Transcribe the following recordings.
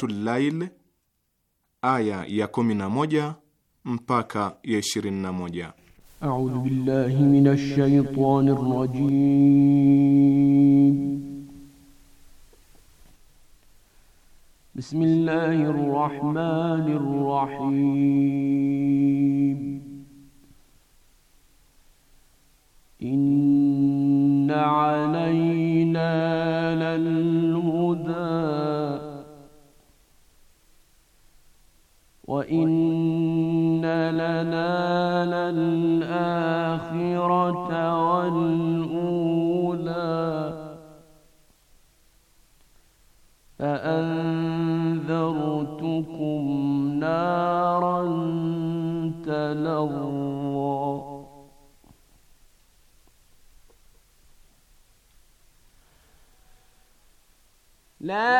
Suratul Lail aya ya moja mpaka ya 21. A'udhu billahi minash shaitanir rajim. Bismillahir rahmanir rahim. لا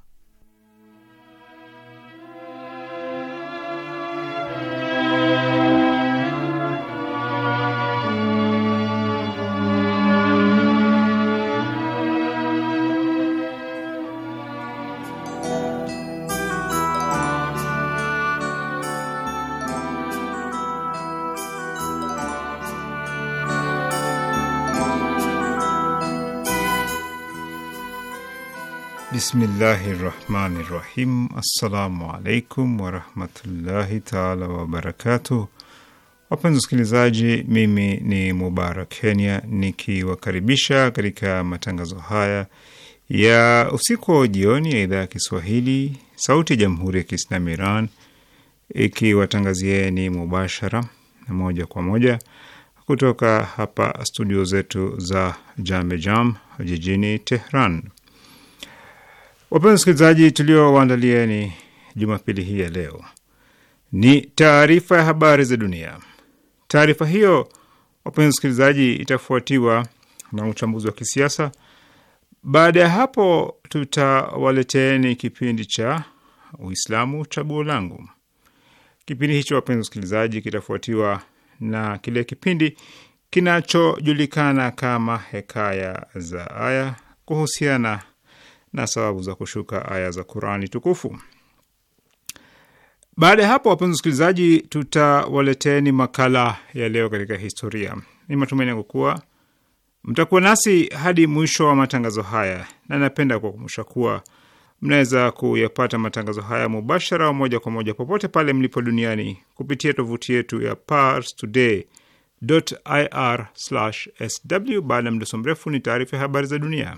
Bismillahi rahmani rahim. Assalamu alaikum warahmatullahi taala wabarakatuh. Wapenzi wasikilizaji, mimi ni Mubarak Kenya nikiwakaribisha katika matangazo haya ya usiku wa jioni ya idhaa ya Kiswahili sauti ya jamhuri ya Kiislamu Iran ikiwatangazieni mubashara na moja kwa moja kutoka hapa studio zetu za jam jijini Tehran. Wapenzi wasikilizaji, tuliowaandalieni Jumapili hii ya leo ni taarifa ya habari za dunia. Taarifa hiyo wapenzi wasikilizaji, itafuatiwa na uchambuzi wa kisiasa. Baada ya hapo, tutawaleteeni kipindi cha Uislamu chaguo langu. Kipindi hicho wapenzi wasikilizaji, kitafuatiwa na kile kipindi kinachojulikana kama Hekaya za Aya kuhusiana na sababu za kushuka aya za Qurani tukufu. Baada ya hapo, wapenzi wasikilizaji, tutawaleteni makala ya leo katika historia. Ni matumaini yangu kuwa mtakuwa nasi hadi mwisho wa matangazo haya, na napenda kuwakumbusha kuwa mnaweza kuyapata matangazo haya mubashara wa moja kwa moja popote pale mlipo duniani kupitia tovuti yetu ya parstoday.ir/sw. Baada ya mdoso mrefu, ni taarifa ya habari za dunia.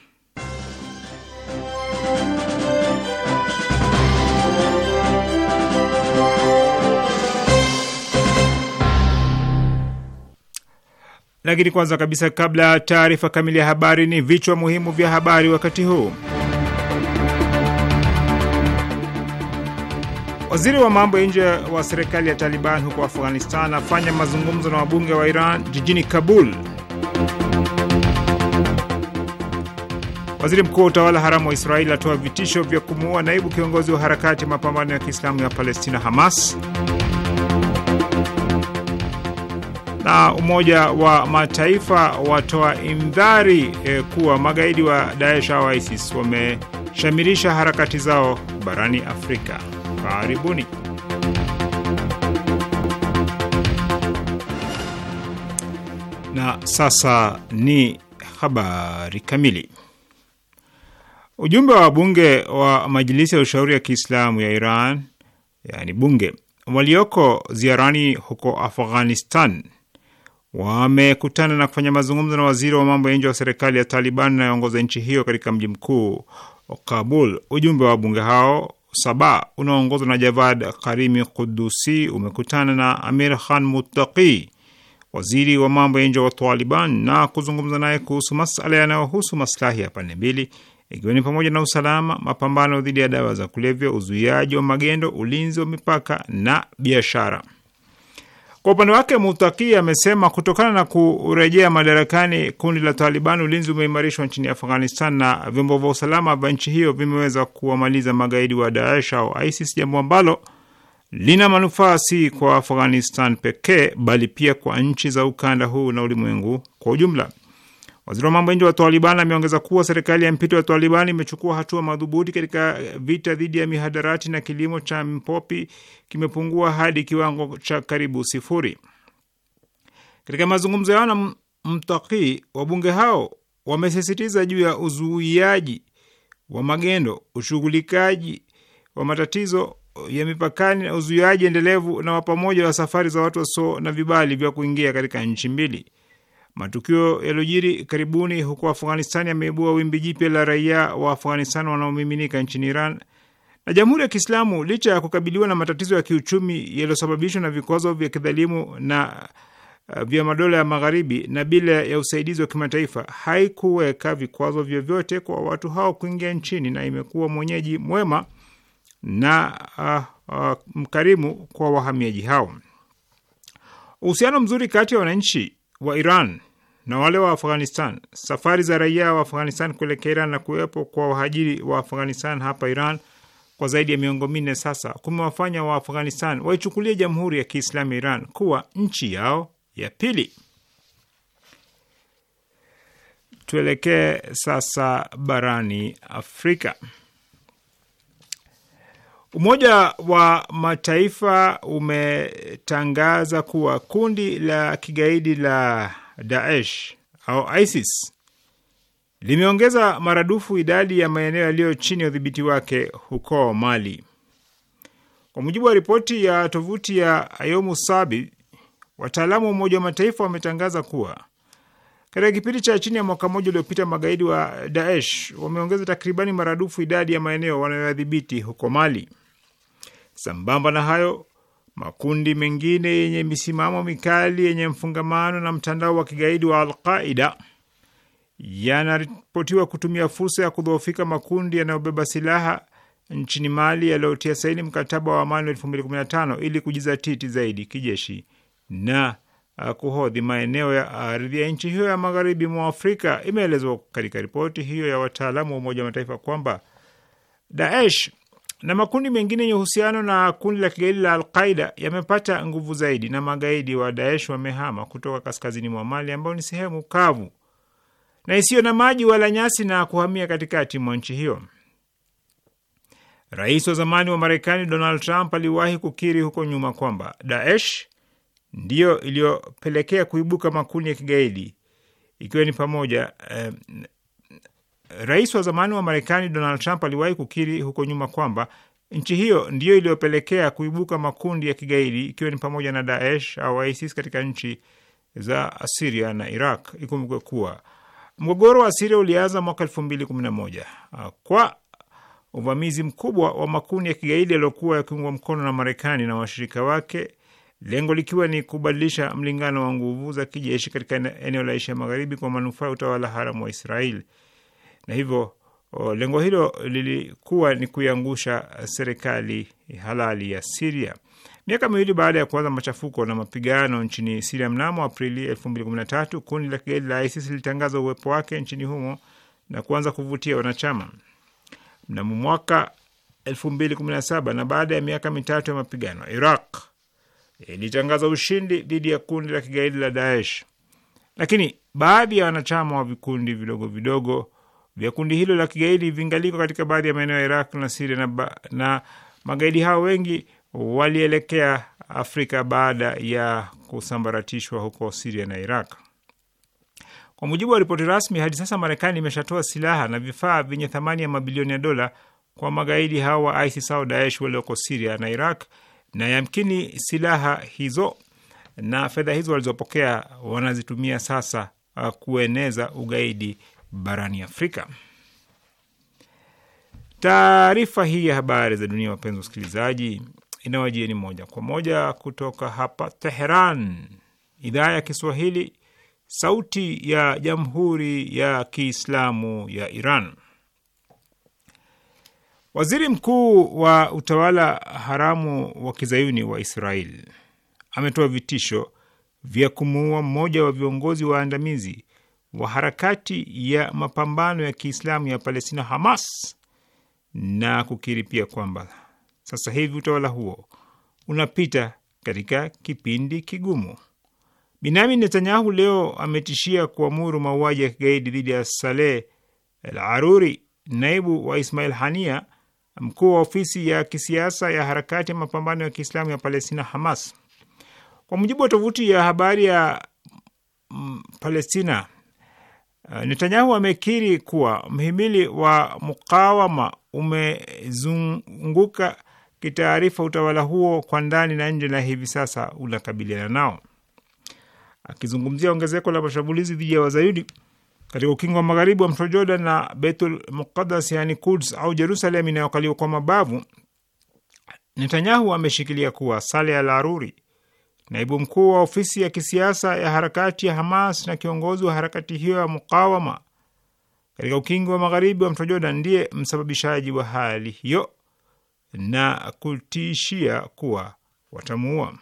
Lakini kwanza kabisa, kabla ya taarifa kamili ya habari, ni vichwa muhimu vya habari wakati huu. Waziri wa mambo ya nje wa serikali ya Taliban huko Afghanistan afanya mazungumzo na wabunge wa Iran jijini Kabul. Waziri mkuu wa utawala haramu wa Israeli atoa vitisho vya kumuua naibu kiongozi wa harakati ya mapambano ya Kiislamu ya Palestina, Hamas na Umoja wa Mataifa watoa imdhari e, eh, kuwa magaidi wa Daesh au ISIS wameshamirisha harakati zao barani Afrika. Karibuni. Na sasa ni habari kamili. Ujumbe wa bunge wa Majilisi ya Ushauri ya Kiislamu ya Iran, yani bunge, walioko ziarani huko Afghanistan wamekutana na kufanya mazungumzo na waziri wa mambo ya nje wa serikali ya Taliban inayoongoza nchi hiyo katika mji mkuu Kabul. Ujumbe wa wabunge hao saba unaoongozwa na Javad Karimi Kudusi umekutana na Amir Khan Muttaqi, waziri wa mambo ya nje wa Taliban, na kuzungumza naye kuhusu masala yanayohusu maslahi ya pande mbili, ikiwa ni pamoja na usalama, mapambano dhidi ya dawa za kulevya, uzuiaji wa magendo, ulinzi wa mipaka na biashara. Kwa upande wake Mutaki amesema kutokana na kurejea madarakani kundi la Taliban, ulinzi umeimarishwa nchini Afghanistan na vyombo vya usalama vya nchi hiyo vimeweza kuwamaliza magaidi wa Daesh au ISIS, jambo ambalo lina manufaa si kwa Afghanistan pekee bali pia kwa nchi za ukanda huu na ulimwengu kwa ujumla. Waziri wa mambo ya nje wa Taliban ameongeza kuwa serikali ya mpito ya Taliban imechukua hatua madhubuti katika vita dhidi ya mihadarati na kilimo cha mpopi kimepungua hadi kiwango cha karibu sifuri. Katika mazungumzo yao na Mtaki, wabunge hao wamesisitiza juu ya uzuiaji wa magendo, ushughulikaji wa matatizo ya mipakani na uzuiaji endelevu na wa pamoja wa safari za watu wasio na vibali vya kuingia katika nchi mbili. Matukio yaliyojiri karibuni huko Afghanistan yameibua wimbi jipya la raia wa Afghanistan wanaomiminika nchini Iran na Jamhuri ya Kiislamu, licha ya kukabiliwa na matatizo ya kiuchumi yaliyosababishwa na vikwazo vya kidhalimu na uh, vya madola ya Magharibi na bila ya usaidizi wa kimataifa, haikuweka vikwazo vyovyote kwa watu hao kuingia nchini na imekuwa mwenyeji mwema na uh, uh, mkarimu kwa wahamiaji hao. Uhusiano mzuri kati ya wananchi wa Iran na wale wa Afghanistan. Safari za raia wa Afghanistan kuelekea Iran na kuwepo kwa wahajiri wa Afghanistan hapa Iran kwa zaidi ya miongo minne sasa kumewafanya wa Afghanistan waichukulia Jamhuri ya Kiislamu ya Iran kuwa nchi yao ya pili. Tuelekee sasa barani Afrika. Umoja wa Mataifa umetangaza kuwa kundi la kigaidi la Daesh au ISIS limeongeza maradufu idadi ya maeneo yaliyo chini ya udhibiti wake huko Mali. Kwa mujibu wa ripoti ya tovuti ya Ayomu Sabi, wataalamu wa Umoja wa Mataifa wametangaza kuwa katika kipindi cha chini ya mwaka mmoja uliopita magaidi wa Daesh wameongeza takribani maradufu idadi ya maeneo wanayoyadhibiti huko Mali. Sambamba na hayo, makundi mengine yenye misimamo mikali yenye mfungamano na mtandao wa kigaidi wa Alqaida yanaripotiwa kutumia fursa ya kudhoofika makundi yanayobeba silaha nchini Mali yaliyotia saini mkataba wa amani wa 2015 ili kujizatiti zaidi kijeshi na uh, kuhodhi maeneo ya ardhi ya nchi hiyo ya magharibi mwa Afrika. Imeelezwa katika ripoti hiyo ya wataalamu wa Umoja wa Mataifa kwamba Daesh na makundi mengine yenye uhusiano na kundi la kigaidi la Alqaida yamepata nguvu zaidi na magaidi wa Daesh wamehama kutoka kaskazini mwa Mali ambao ni sehemu kavu na isiyo na maji wala nyasi na kuhamia katikati mwa nchi hiyo. Rais wa zamani wa Marekani Donald Trump aliwahi kukiri huko nyuma kwamba Daesh ndiyo iliyopelekea kuibuka makundi ya kigaidi ikiwa ni pamoja eh, Rais wa zamani wa Marekani Donald Trump aliwahi kukiri huko nyuma kwamba nchi hiyo ndiyo iliyopelekea kuibuka makundi ya kigaidi ikiwa ni pamoja na Daesh au ISIS katika nchi za Siria na Iraq. Ikumbukwe kuwa mgogoro wa Siria ulianza mwaka elfu mbili kumi na moja kwa uvamizi mkubwa wa makundi ya kigaidi yaliyokuwa yakiungwa mkono na Marekani na washirika wake, lengo likiwa ni kubadilisha mlingano wa nguvu za kijeshi katika eneo la Asia Magharibi kwa manufaa ya utawala haramu wa Israeli na hivyo lengo hilo lilikuwa ni kuiangusha serikali halali ya Siria. Miaka miwili baada ya kuanza machafuko na mapigano nchini Siria mnamo Aprili 2013 kundi la kigaidi la ISIS lilitangaza uwepo wake nchini humo na kuanza kuvutia wanachama mnamo mwaka 2017 na baada ya miaka mitatu ya mapigano, Iraq ilitangaza ushindi dhidi ya kundi la kigaidi la Daesh, lakini baadhi ya wanachama wa vikundi vidogo vidogo vya kundi hilo la kigaidi vingaliko katika baadhi ya maeneo ya Iraq na Siria na, na magaidi hao wengi walielekea Afrika baada ya kusambaratishwa huko Siria na Iraq. Kwa mujibu wa ripoti rasmi, hadi sasa Marekani imeshatoa silaha na vifaa vyenye thamani ya mabilioni ya dola kwa magaidi hao wa ISIS au Daesh walioko Siria na Iraq, na yamkini silaha hizo na fedha hizo walizopokea wanazitumia sasa uh, kueneza ugaidi barani Afrika. Taarifa hii ya habari za dunia, wapenzi usikilizaji inawajieni moja kwa moja kutoka hapa Teheran, idhaa ya Kiswahili, sauti ya jamhuri ya kiislamu ya Iran. Waziri mkuu wa utawala haramu wa kizayuni wa Israel ametoa vitisho vya kumuua mmoja wa viongozi waandamizi wa harakati ya mapambano ya Kiislamu ya Palestina Hamas na kukiri pia kwamba sasa hivi utawala huo unapita katika kipindi kigumu. Binyamin Netanyahu leo ametishia kuamuru mauaji ya kigaidi dhidi ya Saleh Al Aruri, naibu wa Ismail Hania, mkuu wa ofisi ya kisiasa ya harakati ya mapambano ya Kiislamu ya Palestina Hamas. Kwa mujibu wa tovuti ya habari ya mm, Palestina Eh, Netanyahu amekiri kuwa mhimili wa mukawama umezunguka kitaarifa utawala huo kwa ndani na nje, na hivi sasa unakabiliana nao. Akizungumzia ongezeko la mashambulizi dhidi ya wazayudi katika ukingo wa magharibi wa mto Jordan na Beitul Muqaddas, yani Kuds au Jerusalem inayokaliwa kwa mabavu, Netanyahu ameshikilia kuwa sale ya laruri naibu mkuu wa ofisi ya kisiasa ya harakati ya Hamas na kiongozi wa harakati hiyo ya mukawama katika ukingo wa magharibi wa mto Jordan ndiye msababishaji wa hali hiyo na kutishia kuwa watamuua.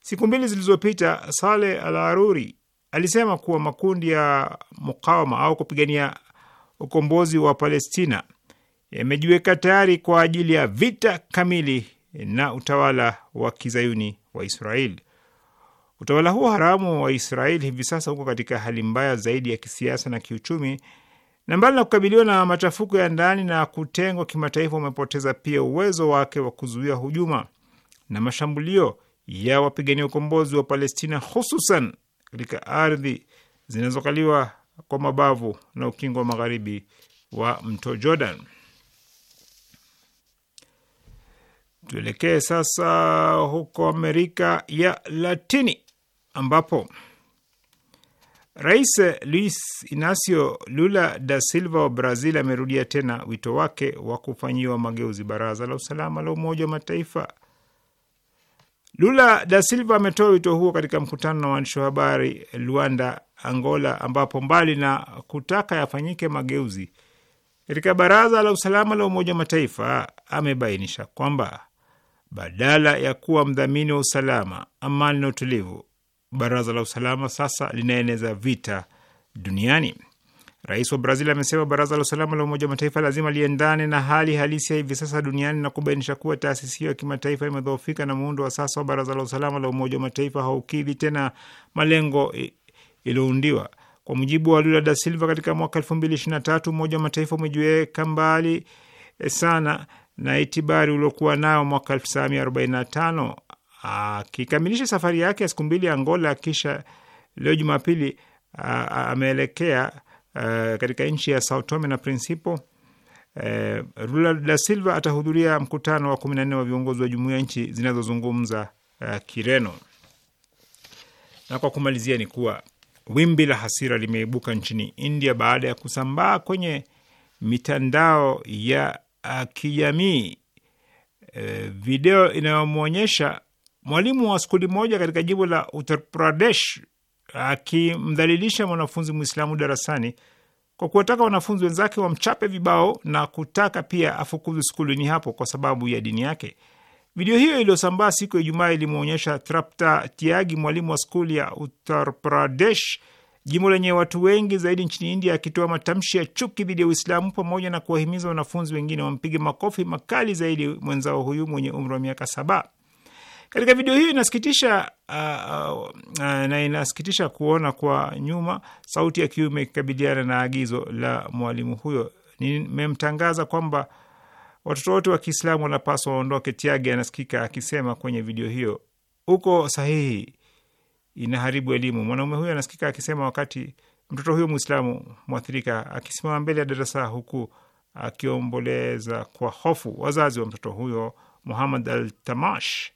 Siku mbili zilizopita, Sale Al-Aruri alisema kuwa makundi ya mukawama au kupigania ukombozi wa Palestina yamejiweka tayari kwa ajili ya vita kamili na utawala wa kizayuni wa Israeli. Utawala huo haramu wa Israeli hivi sasa huko katika hali mbaya zaidi ya kisiasa na kiuchumi, na mbali na kukabiliwa na machafuko ya ndani na kutengwa kimataifa, umepoteza pia uwezo wake wa kuzuia hujuma na mashambulio ya wapigania ukombozi wa Palestina, hususan katika ardhi zinazokaliwa kwa mabavu na ukingo wa magharibi wa mto Jordan. Tuelekee sasa huko Amerika ya Latini ambapo Rais Luis Inacio Lula da Silva wa Brazil amerudia tena wito wake wa kufanyiwa mageuzi baraza la usalama la Umoja wa Mataifa. Lula da Silva ametoa wito huo katika mkutano na waandishi wa habari Luanda, Angola, ambapo mbali na kutaka yafanyike mageuzi katika baraza la usalama la Umoja wa Mataifa, amebainisha kwamba badala ya kuwa mdhamini wa usalama, amani na utulivu. Baraza la usalama sasa linaeneza vita duniani. Rais wa Brazil amesema baraza la usalama la Umoja wa Mataifa lazima liendane na hali halisi ya hivi sasa duniani na kubainisha kuwa taasisi hiyo ya kimataifa imedhoofika na muundo wa sasa wa baraza la usalama la Umoja wa Mataifa haukidhi tena malengo iliyoundiwa. Kwa mujibu wa Lula da Silva, katika mwaka elfu mbili ishirini na tatu Umoja wa Mataifa umejiweka mbali eh, sana na itibari uliokuwa nayo mwaka 1945 akikamilisha safari yake ya siku mbili Angola, kisha leo Jumapili ameelekea katika nchi ya Sao Tome na Principe. E, Lula da Silva atahudhuria mkutano wa 14 wa viongozi wa jumuiya nchi zinazozungumza uh, Kireno. Na kwa kumalizia ni kuwa wimbi la hasira limeibuka nchini India baada ya kusambaa kwenye mitandao ya kijamii e, eh, video inayomwonyesha mwalimu wa skuli moja katika jimbo la Uttar Pradesh akimdhalilisha mwanafunzi Mwislamu darasani kwa kuwataka wanafunzi wenzake wamchape vibao na kutaka pia afukuzwe skulini hapo kwa sababu ya dini yake. Video hiyo iliyosambaa siku ya Ijumaa ilimwonyesha Trapta Tiagi, mwalimu wa skuli ya Uttar Pradesh jimbo lenye watu wengi zaidi nchini India, akitoa matamshi ya chuki dhidi ya Uislamu pamoja na kuwahimiza wanafunzi wengine wampige makofi makali zaidi mwenzao huyu mwenye umri wa miaka saba. Katika video hiyo inasikitisha uh, uh, uh, na inasikitisha kuona kwa nyuma sauti ya kiume ikikabiliana na agizo la mwalimu huyo. Nimemtangaza kwamba watoto wote wa Kiislamu wanapaswa waondoke, Tiage anasikika akisema kwenye video hiyo. Uko sahihi, inaharibu elimu. Mwanaume huyo anasikika akisema wakati mtoto huyo Mwislamu mwathirika akisimama mbele ya darasa huku akiomboleza kwa hofu. Wazazi wa mtoto huyo Muhamad Al Tamash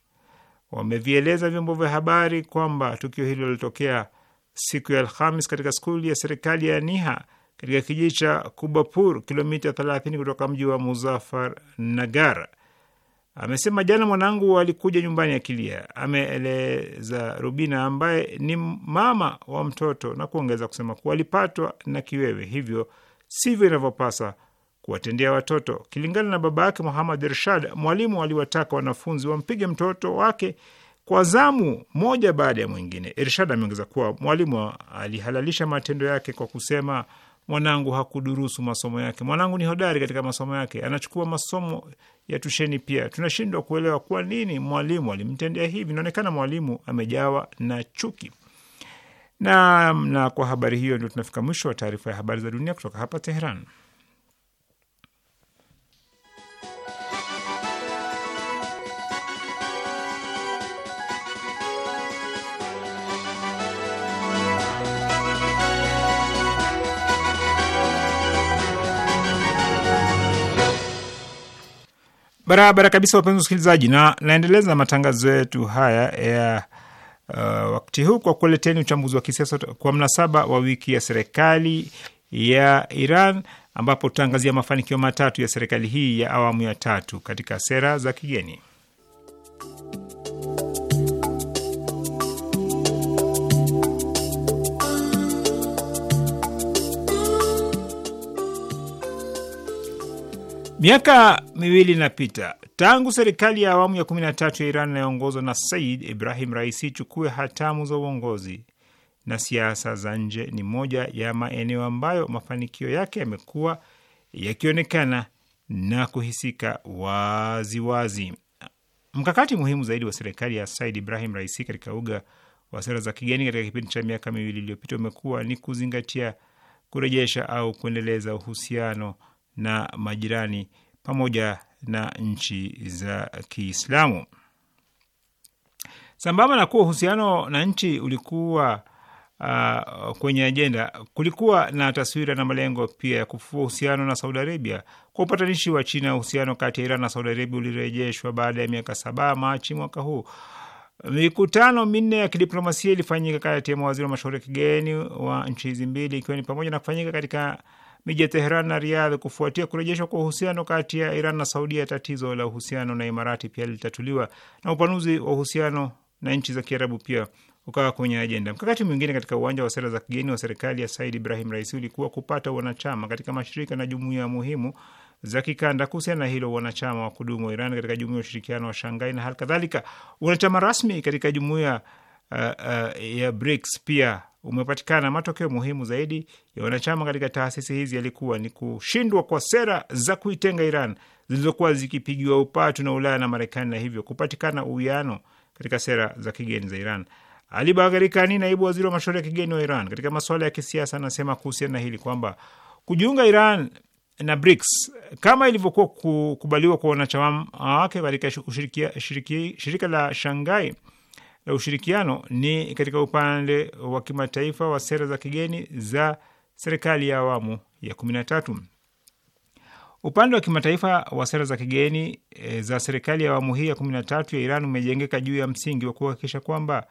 wamevieleza vyombo vya habari kwamba tukio hilo lilitokea siku ya Alhamis katika skuli ya serikali ya Niha katika kijiji cha Kubapur, kilomita 30 kutoka mji wa Muzafar Nagar. Amesema jana mwanangu alikuja nyumbani akilia, ameeleza Rubina ambaye ni mama wa mtoto na kuongeza kusema kuwa alipatwa na kiwewe, hivyo sivyo inavyopasa kuwatendea watoto. Kilingana na baba yake Muhamad Irshad, mwalimu aliwataka wanafunzi wampige mtoto wake kwa zamu moja baada ya mwingine. Irshad ameongeza kuwa mwalimu alihalalisha matendo yake kwa kusema mwanangu hakudurusu masomo yake. Mwanangu ni hodari katika masomo yake, anachukua masomo ya tusheni pia. Tunashindwa kuelewa kwa nini mwalimu alimtendea hivi. Inaonekana mwalimu amejawa na chuki. Na, na kwa habari hiyo ndio tunafika mwisho wa taarifa ya habari za dunia kutoka hapa Teheran. barabara kabisa, wapenzi wasikilizaji, na naendeleza matangazo yetu haya ya uh, wakati huu kwa kuleteni uchambuzi wa kisiasa kwa mnasaba wa wiki ya serikali ya Iran ambapo tutaangazia mafanikio matatu ya serikali hii ya awamu ya tatu katika sera za kigeni. Miaka miwili inapita tangu serikali ya awamu ya 13 ya Iran inayoongozwa na Said Ibrahim Raisi ichukue hatamu za uongozi na siasa za nje. Ni moja ya maeneo ambayo mafanikio yake yamekuwa yakionekana na kuhisika waziwazi wazi. Mkakati muhimu zaidi wa serikali ya Said Ibrahim Raisi katika uga wa sera za kigeni katika kipindi cha miaka miwili iliyopita umekuwa ni kuzingatia kurejesha au kuendeleza uhusiano na majirani pamoja na nchi za Kiislamu. Sambamba na kuwa uhusiano na nchi ulikuwa uh, kwenye ajenda, kulikuwa na taswira na malengo pia ya kufufua uhusiano na Saudi Arabia. Kwa upatanishi wa China, uhusiano kati ya Iran na Saudi Arabia ulirejeshwa baada ya miaka saba Machi mwaka huu. Mikutano minne ya kidiplomasia ilifanyika kati ya mawaziri wa mashauri ya kigeni wa nchi hizi mbili, ikiwa ni pamoja na kufanyika katika miji ya Teheran na Riyadh kufuatia kurejeshwa kwa uhusiano kati ya Iran na Saudia. Tatizo la uhusiano na Imarati pia lilitatuliwa na upanuzi wa uhusiano na nchi za Kiarabu pia ukawa kwenye ajenda. Mkakati mwingine katika uwanja wa sera za kigeni wa serikali ya Said Ibrahim Raisi ulikuwa kupata wanachama katika mashirika na jumuiya muhimu za kikanda. Kuhusiana na hilo, wanachama wa kudumu wa Iran katika jumuiya ya ushirikiano wa shangai na hali kadhalika wanachama rasmi katika jumuiya uh, uh, ya BRICS pia umepatikana. Matokeo muhimu zaidi ya wanachama katika taasisi hizi yalikuwa ni kushindwa kwa sera za kuitenga Iran zilizokuwa zikipigiwa upatu na Ulaya na Marekani, na hivyo kupatikana uwiano katika sera za kigeni za Iran. Ali naibu waziri wa mashauri ya kigeni wa Iran katika masuala ya kisiasa, anasema kuhusiana na hili kwamba kujiunga Iran na BRICS kama ilivyokuwa kukubaliwa kwa wanachama wake katika shirika la shangai la ushirikiano ni katika upande wa kimataifa wa sera za kigeni za serikali ya awamu ya kumi na tatu. Upande wa kimataifa wa sera za kigeni e, za serikali ya awamu hii ya kumi na tatu ya Iran umejengeka juu ya msingi wa kuhakikisha kwamba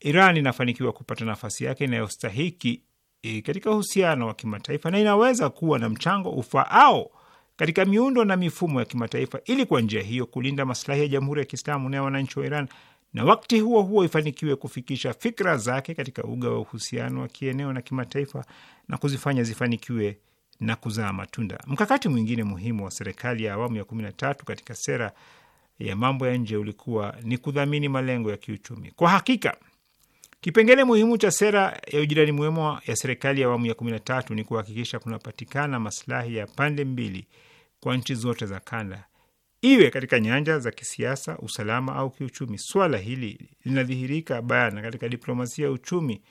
Iran inafanikiwa kupata nafasi yake inayostahiki e, katika uhusiano wa kimataifa na inaweza kuwa na mchango ufaao katika miundo na mifumo ya kimataifa ili kwa njia hiyo kulinda maslahi ya Jamhuri ya Kiislamu na wananchi wa Iran na wakati huo huo ifanikiwe kufikisha fikra zake katika uga wa uhusiano wa kieneo na kimataifa na kuzifanya zifanikiwe na kuzaa matunda. Mkakati mwingine muhimu wa serikali ya awamu ya kumi na tatu katika sera ya mambo ya nje ulikuwa ni kudhamini malengo ya kiuchumi. Kwa hakika kipengele muhimu cha sera ya ujirani mwema ya serikali ya awamu ya kumi na tatu ni kuhakikisha kunapatikana masilahi ya pande mbili kwa nchi zote za kanda iwe katika nyanja za kisiasa, usalama au kiuchumi. Swala hili linadhihirika bayana katika diplomasia ya uchumi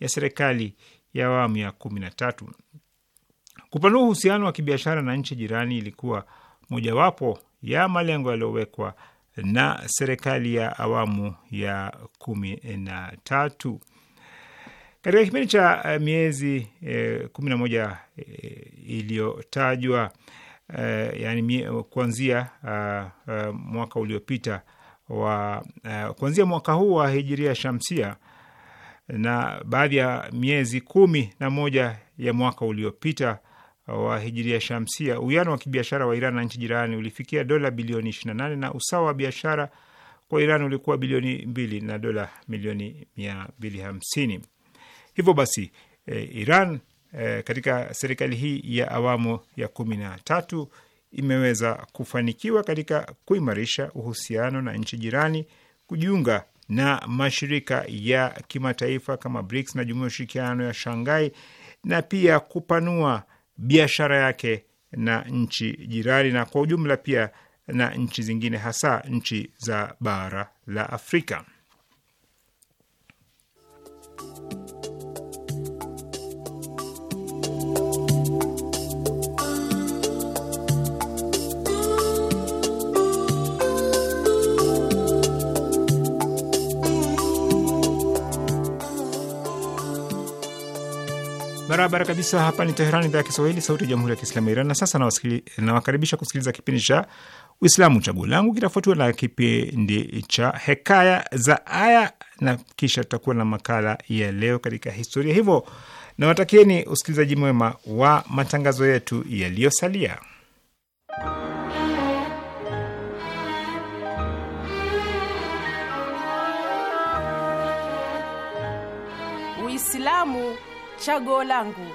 ya serikali ya awamu ya kumi na tatu. Kupanua uhusiano wa kibiashara na nchi jirani ilikuwa mojawapo ya malengo yaliyowekwa na serikali ya awamu ya kumi na tatu. Katika kipindi cha eh, miezi eh, kumi na moja eh, iliyotajwa uh, yani kuanzia uh, uh, mwaka uliopita wa uh, kuanzia mwaka huu wa hijiria shamsia na baadhi ya miezi kumi na moja ya mwaka uliopita wa hijiria shamsia, uwiano wa kibiashara wa Iran na nchi jirani ulifikia dola bilioni 28 na usawa wa biashara kwa Iran ulikuwa bilioni mbili na dola milioni mia mbili hamsini. Hivyo basi, eh, Iran Eh, katika serikali hii ya awamu ya kumi na tatu imeweza kufanikiwa katika kuimarisha uhusiano na nchi jirani, kujiunga na mashirika ya kimataifa kama BRICS na jumuiya ya ushirikiano ya Shanghai na pia kupanua biashara yake na nchi jirani na kwa ujumla pia na nchi zingine hasa nchi za bara la Afrika. Barabara kabisa, hapa ni Teherani, idhaa ya Kiswahili, sauti ya jamhuri ya kiislamu ya Iran. Na sasa nawakaribisha kusikiliza kipindi cha Uislamu Chaguo Langu, kitafuatiwa na kipindi cha Hekaya za Aya na kisha tutakuwa na makala ya Leo katika Historia. Hivyo nawatakieni usikilizaji mwema wa matangazo yetu yaliyosalia. Uislamu Chaguo langu.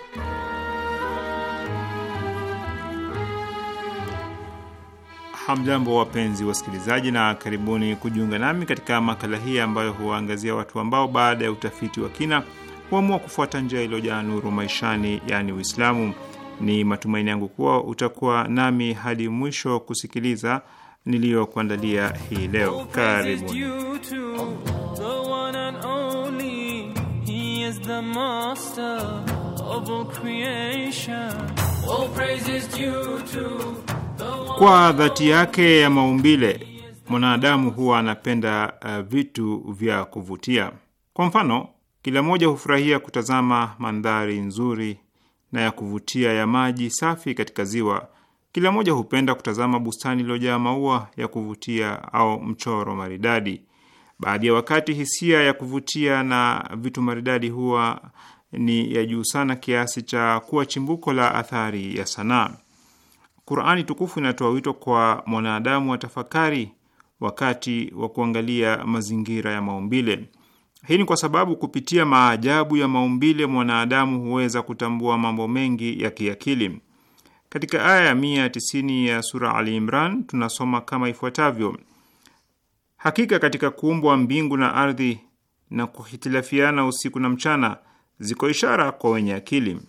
Hamjambo, wapenzi wasikilizaji, na karibuni kujiunga nami katika makala hii ambayo huwaangazia watu ambao baada ya utafiti wa kina huamua kufuata njia iliyojaa nuru maishani, yaani Uislamu. Ni matumaini yangu kuwa utakuwa nami hadi mwisho kusikiliza niliyokuandalia hii leo. Karibuni is the master of all creation. All praise is due to kwa dhati yake ya maumbile mwanadamu huwa anapenda uh, vitu vya kuvutia. Kwa mfano, kila mmoja hufurahia kutazama mandhari nzuri na ya kuvutia ya maji safi katika ziwa. Kila mmoja hupenda kutazama bustani iliyojaa maua ya kuvutia au mchoro maridadi. Baadhi ya wakati hisia ya kuvutia na vitu maridadi huwa ni ya juu sana kiasi cha kuwa chimbuko la athari ya sanaa. Qurani tukufu inatoa wito kwa mwanadamu wa tafakari wakati wa kuangalia mazingira ya maumbile. Hii ni kwa sababu kupitia maajabu ya maumbile mwanadamu huweza kutambua mambo mengi ya kiakili. Katika aya ya mia tisini ya sura Ali Imran tunasoma kama ifuatavyo: Hakika katika kuumbwa mbingu na ardhi na kuhitilafiana usiku na mchana ziko ishara kwa wenye akili.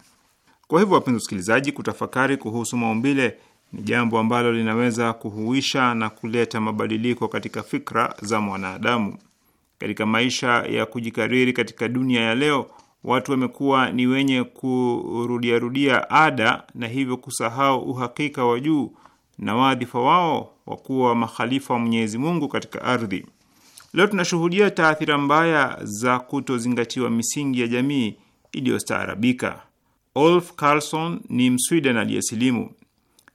Kwa hivyo, wapenzi wasikilizaji, kutafakari kuhusu maumbile ni jambo ambalo linaweza kuhuisha na kuleta mabadiliko katika fikra za mwanadamu. Katika maisha ya kujikariri katika dunia ya leo, watu wamekuwa ni wenye kurudiarudia ada na hivyo kusahau uhakika wa juu na waadhifa wao wa kuwa makhalifa wa Mwenyezi Mungu katika ardhi. Leo tunashuhudia taathira mbaya za kutozingatiwa misingi ya jamii iliyostaarabika. olf Carlson ni Msweden aliyesilimu.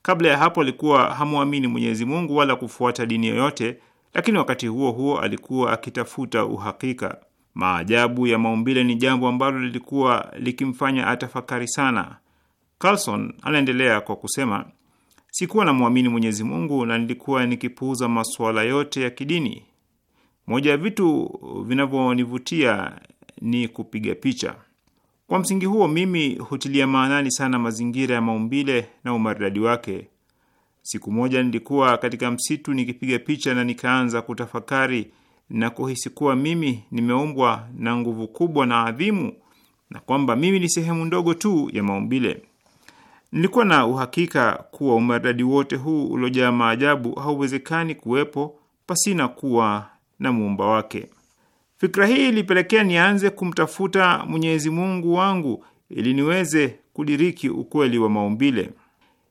Kabla ya hapo alikuwa hamwamini Mwenyezi Mungu wala kufuata dini yoyote, lakini wakati huo huo alikuwa akitafuta uhakika. Maajabu ya maumbile ni jambo ambalo lilikuwa likimfanya atafakari sana. Carlson anaendelea kwa kusema Sikuwa na mwamini Mwenyezi Mungu na nilikuwa nikipuuza masuala yote ya kidini. Moja ya vitu vinavyonivutia ni kupiga picha. Kwa msingi huo, mimi hutilia maanani sana mazingira ya maumbile na umaridadi wake. Siku moja nilikuwa katika msitu nikipiga picha na nikaanza kutafakari na kuhisi kuwa mimi nimeumbwa na nguvu kubwa na adhimu na kwamba mimi ni sehemu ndogo tu ya maumbile. Nilikuwa na uhakika kuwa umaridadi wote huu uliojaa maajabu hauwezekani kuwepo pasina kuwa na muumba wake. Fikra hii ilipelekea nianze kumtafuta Mwenyezi Mungu wangu ili niweze kudiriki ukweli wa maumbile.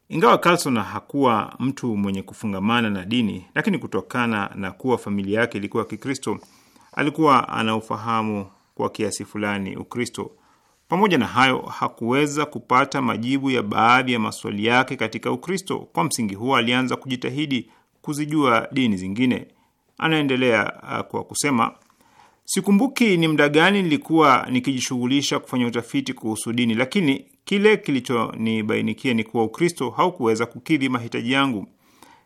Ingawa Carlson hakuwa mtu mwenye kufungamana na dini, lakini kutokana na kuwa familia yake ilikuwa Kikristo, alikuwa ana ufahamu kwa kiasi fulani Ukristo. Pamoja na hayo, hakuweza kupata majibu ya baadhi ya maswali yake katika Ukristo. Kwa msingi huo, alianza kujitahidi kuzijua dini zingine. Anaendelea uh, kwa kusema, sikumbuki ni muda gani nilikuwa nikijishughulisha kufanya utafiti kuhusu dini, lakini kile kilichonibainikia ni kuwa Ukristo haukuweza kukidhi mahitaji yangu.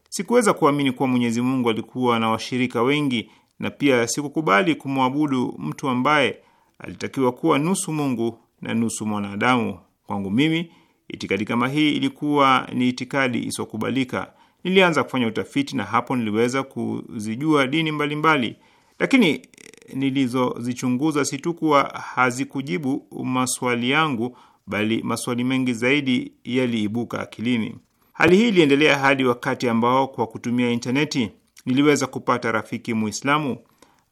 Sikuweza kuamini kuwa Mwenyezi Mungu alikuwa na washirika wengi, na pia sikukubali kumwabudu mtu ambaye alitakiwa kuwa nusu Mungu na nusu mwanadamu. Kwangu mimi itikadi kama hii ilikuwa ni itikadi isiyokubalika. Nilianza kufanya utafiti na hapo niliweza kuzijua dini mbalimbali mbali. Lakini eh, nilizozichunguza si tu kuwa hazikujibu maswali yangu, bali maswali mengi zaidi yaliibuka akilini. Hali hii iliendelea hadi wakati ambao kwa kutumia intaneti niliweza kupata rafiki Muislamu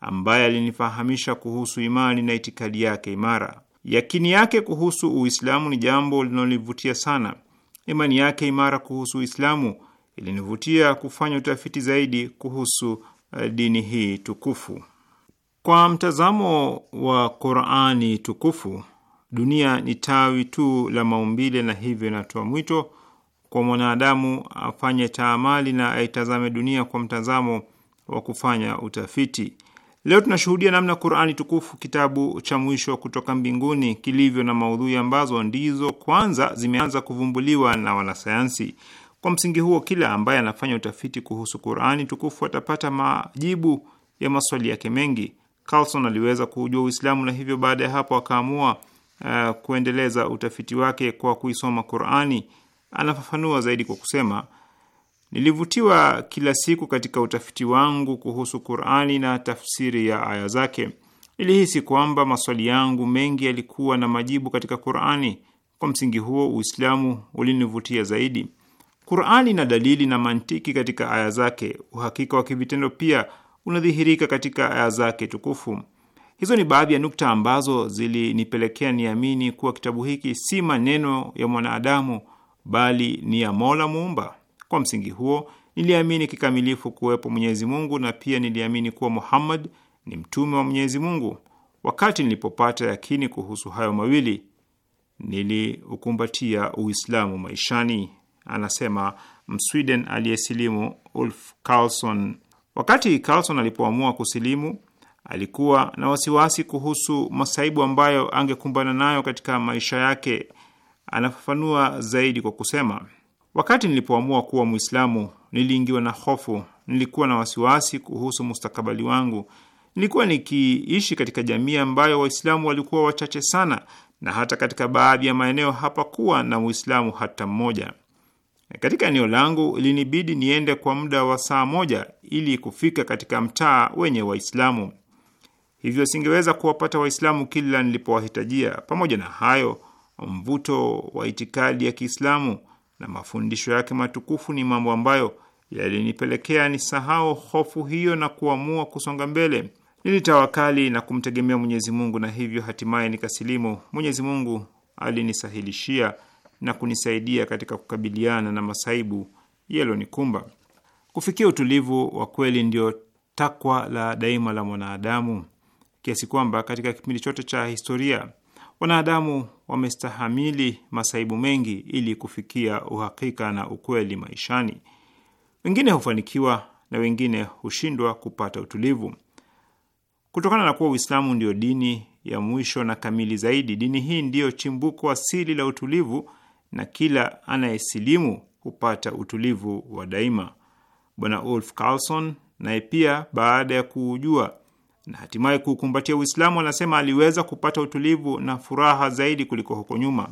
ambaye alinifahamisha kuhusu imani na itikadi yake imara. Yakini yake kuhusu Uislamu ni jambo linalonivutia sana. Imani yake imara kuhusu Uislamu ilinivutia kufanya utafiti zaidi kuhusu eh, dini hii tukufu. Kwa mtazamo wa Qurani tukufu, dunia ni tawi tu la maumbile, na hivyo inatoa mwito kwa mwanadamu afanye taamali na aitazame dunia kwa mtazamo wa kufanya utafiti. Leo tunashuhudia namna Qurani tukufu, kitabu cha mwisho kutoka mbinguni, kilivyo na maudhui ambazo ndizo kwanza zimeanza kuvumbuliwa na wanasayansi. Kwa msingi huo, kila ambaye anafanya utafiti kuhusu Qurani tukufu atapata majibu ya maswali yake mengi. Carlson aliweza kuujua Uislamu na hivyo baada ya hapo akaamua uh, kuendeleza utafiti wake kwa kuisoma Qurani. Anafafanua zaidi kwa kusema Nilivutiwa kila siku katika utafiti wangu kuhusu Qurani na tafsiri ya aya zake. Nilihisi kwamba maswali yangu mengi yalikuwa na majibu katika Qurani. Kwa msingi huo, Uislamu ulinivutia zaidi. Qurani na dalili na mantiki katika aya zake, uhakika wa kivitendo pia unadhihirika katika aya zake tukufu. Hizo ni baadhi ya nukta ambazo zilinipelekea niamini kuwa kitabu hiki si maneno ya mwanadamu, bali ni ya Mola Muumba. Kwa msingi huo niliamini kikamilifu kuwepo Mwenyezi Mungu na pia niliamini kuwa Muhammad ni mtume wa Mwenyezi Mungu. Wakati nilipopata yakini kuhusu hayo mawili, niliukumbatia Uislamu maishani, anasema Msweden aliyesilimu Ulf Carlson. Wakati Carlson alipoamua kusilimu, alikuwa na wasiwasi kuhusu masaibu ambayo angekumbana nayo katika maisha yake. Anafafanua zaidi kwa kusema Wakati nilipoamua kuwa Mwislamu, niliingiwa na hofu, nilikuwa na wasiwasi kuhusu mustakabali wangu. Nilikuwa nikiishi katika jamii ambayo Waislamu walikuwa wachache sana, na hata katika baadhi ya maeneo hapakuwa na Mwislamu hata mmoja. Katika eneo langu ilinibidi niende kwa muda wa saa moja ili kufika katika mtaa wenye Waislamu, hivyo singeweza kuwapata Waislamu kila nilipowahitajia. Pamoja na hayo, mvuto wa itikadi ya Kiislamu na mafundisho yake matukufu ni mambo ambayo yalinipelekea nisahau hofu hiyo na kuamua kusonga mbele. Nilitawakali na kumtegemea Mwenyezi Mungu na hivyo hatimaye nikasilimu. Mwenyezi Mungu alinisahilishia na kunisaidia katika kukabiliana na masaibu yaliyonikumba. Kufikia utulivu wa kweli ndio takwa la daima la mwanadamu, kiasi kwamba katika kipindi chote cha historia wanadamu wamestahamili masaibu mengi ili kufikia uhakika na ukweli maishani. Wengine hufanikiwa na wengine hushindwa kupata utulivu. Kutokana na kuwa Uislamu ndio dini ya mwisho na kamili zaidi, dini hii ndiyo chimbuko asili la utulivu na kila anayesilimu hupata utulivu wa daima. Bwana Ulf Carlson naye pia baada ya kuujua na hatimaye kuukumbatia Uislamu, anasema aliweza kupata utulivu na furaha zaidi kuliko huko nyuma.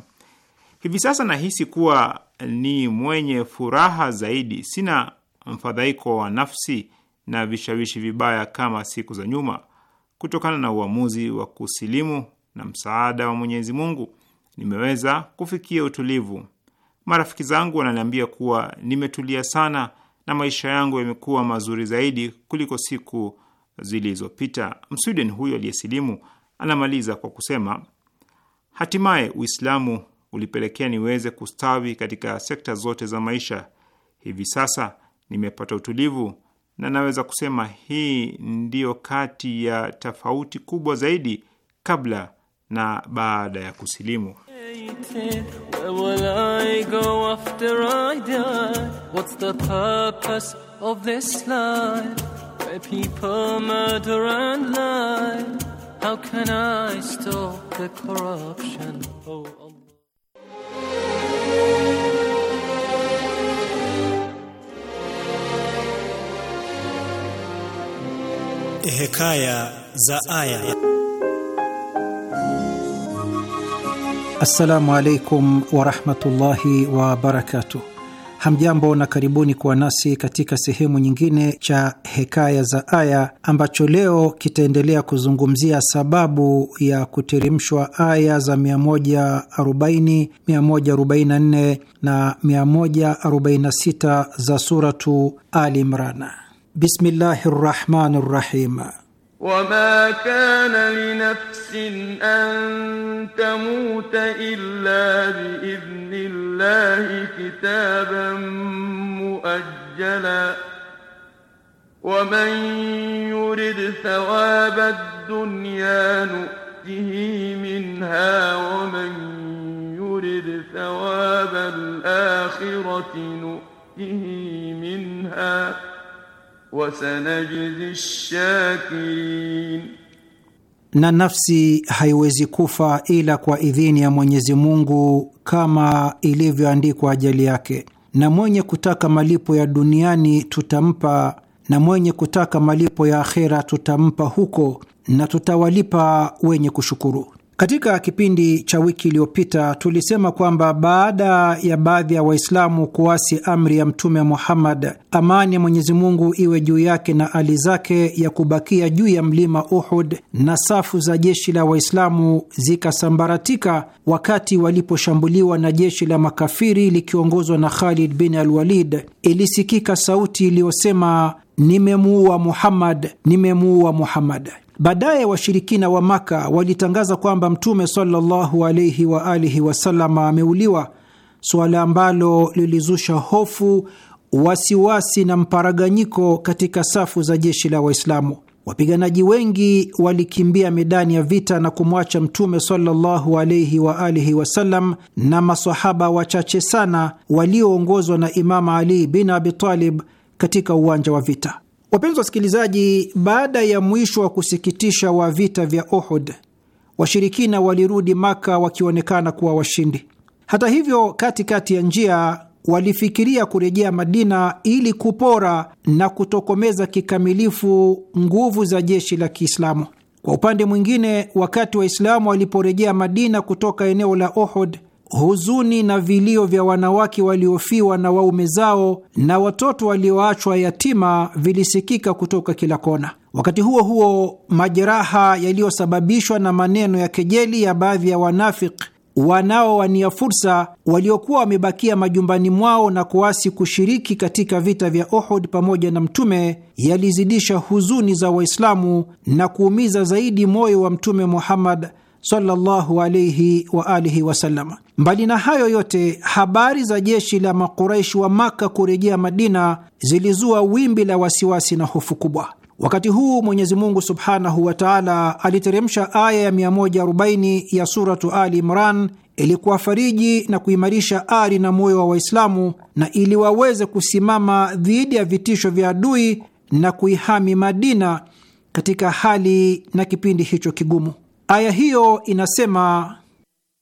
Hivi sasa nahisi kuwa ni mwenye furaha zaidi, sina mfadhaiko wa nafsi na vishawishi vibaya kama siku za nyuma, kutokana na uamuzi wa kusilimu na msaada wa Mwenyezi Mungu nimeweza kufikia utulivu. Marafiki zangu wananiambia kuwa nimetulia sana na maisha yangu yamekuwa mazuri zaidi kuliko siku zilizopita. Msweden huyo aliyesilimu anamaliza kwa kusema, hatimaye Uislamu ulipelekea niweze kustawi katika sekta zote za maisha. Hivi sasa nimepata utulivu na naweza kusema hii ndiyo kati ya tofauti kubwa zaidi kabla na baada ya kusilimu. why people murder and lie. How can I stop the corruption? Oh Allah. Hekaya za Aya. Assalamu alaikum wa barakatuh Hamjambo na karibuni kuwa nasi katika sehemu nyingine cha Hekaya za Aya ambacho leo kitaendelea kuzungumzia sababu ya kuteremshwa aya za 140, 144 na 146 za Suratu Ali Imran. Bismillahi rahmani rahim وما كان لنفس أن تموت إلا بإذن الله كتابا مؤجلا ومن يرد ثواب الدنيا نؤته منها ومن يرد ثواب الآخرة نؤته منها wasanajzi shakirin na nafsi haiwezi kufa ila kwa idhini ya Mwenyezi Mungu kama ilivyoandikwa ajali yake, na mwenye kutaka malipo ya duniani tutampa, na mwenye kutaka malipo ya akhera tutampa huko, na tutawalipa wenye kushukuru. Katika kipindi cha wiki iliyopita tulisema kwamba baada ya baadhi ya Waislamu kuasi amri ya Mtume Muhammad, amani ya Mwenyezi Mungu iwe juu yake na ali zake, ya kubakia juu ya mlima Uhud, na safu za jeshi la Waislamu zikasambaratika wakati waliposhambuliwa na jeshi la makafiri likiongozwa na Khalid bin al-Walid, ilisikika sauti iliyosema, nimemuua Muhammad, nimemuua Muhammad. Baadaye washirikina wa Maka walitangaza kwamba Mtume sallallahu alaihi wa alihi ameuliwa, suala ambalo lilizusha hofu, wasiwasi na mparaganyiko katika safu za jeshi la Waislamu. Wapiganaji wengi walikimbia medani ya vita na kumwacha Mtume sallallahu alaihi wa alihi wasallam na masahaba wachache sana walioongozwa na imamu Ali bin Abitalib katika uwanja wa vita. Wapenzi wasikilizaji, baada ya mwisho wa kusikitisha wa vita vya Uhud, washirikina walirudi Maka wakionekana kuwa washindi. Hata hivyo, katikati ya njia walifikiria kurejea Madina ili kupora na kutokomeza kikamilifu nguvu za jeshi la Kiislamu. Kwa upande mwingine, wakati Waislamu waliporejea Madina kutoka eneo la Uhud, huzuni na vilio vya wanawake waliofiwa na waume zao na watoto walioachwa yatima vilisikika kutoka kila kona. Wakati huo huo, majeraha yaliyosababishwa na maneno ya kejeli ya baadhi ya wanafik wanaowania fursa waliokuwa wamebakia majumbani mwao na kuasi kushiriki katika vita vya Uhud pamoja na Mtume yalizidisha huzuni za Waislamu na kuumiza zaidi moyo wa Mtume Muhammad sallallahu wa alihi wasallam. Mbali na hayo yote, habari za jeshi la Makuraishi wa Maka kurejea Madina zilizua wimbi la wasiwasi na hofu kubwa. Wakati huu Mwenyezi Mungu subhanahu wa taala aliteremsha aya ya 140 ya Suratu Ali Imran ili kuwafariji na kuimarisha ari na moyo wa Waislamu na ili waweze kusimama dhidi ya vitisho vya adui na kuihami Madina katika hali na kipindi hicho kigumu. Aya hiyo inasema